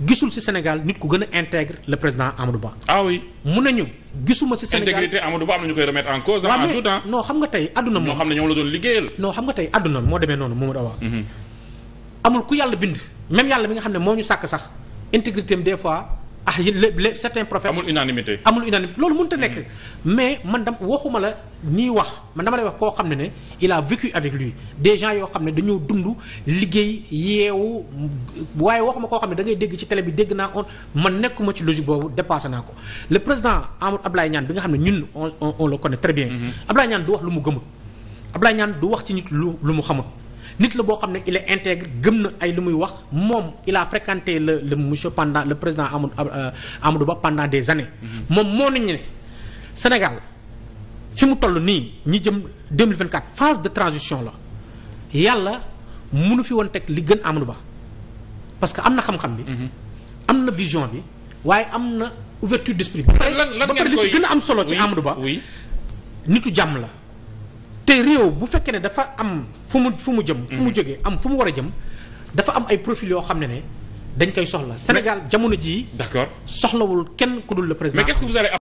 gisul ci Sénégal nit ku gën a intègre le président Amadou Ba. ah oui nañu gisuma ci Sénégal intégrité am na ñu koy remettre en cause. en tout temps non xam nga tey àdduna moom. ñoo xam ne ñoom la doon liggéeyal. non xam nga tey àdduna moo demee noonu Mamadou Awa. Mhm. amul ku yàlla bind. même yàlla mi nga xam ne moo ñu sàkk sax intégrité am des fois. ah les certains prophètes. amul unanimité amul unanimité loolu mënut a nekk. Mm. mais man dam waxuma la nii wax man dama lay wax koo xam ne ne il a vécu avec lui des gens yoo xam ne dañoo dund liggéey yeewu waaye waxuma koo xam ne dangay dégg ci télé bi dégg naa on ma nekkuma ci logique boobu dépassé naa ko le président Amadou Abdoulaye ñaan bi nga xam ne ñun on on le connaît très bien. Mm-hmm. Abdoulaye Niane du wax lu mu gëmut Abdoulaye ñaan du wax ci nit lu lu mu xamut. nit la boo xam ne il est intègre gëm na ay lu muy wax moom il a la le le monsieur pendant le président Amadou euh, Amadou Ba pendant des années. Mhm. moom moo nañu ne Sénégal fi mu toll nii ñi jëm 2024 phase de transition la yàlla mënu fi woon teg li gën Amadou Ba parce que am na xam-xam bi. Mhm. am na vision bi waaye am na ouverture d'esprit bi. lan lan ba pare li ci gën am solo ci Amadou Ba. nitu jàmm la. te réew bu fekkee ne dafa am fu mu fu mu jëm. fu mu mhm. jógee am fu mu war a jëm dafa am ay profil yoo xam ne ne dañ koy soxla. Sénégal jamono jii. d'accord soxlawul kenn ku dul la président. Mais qu'est-ce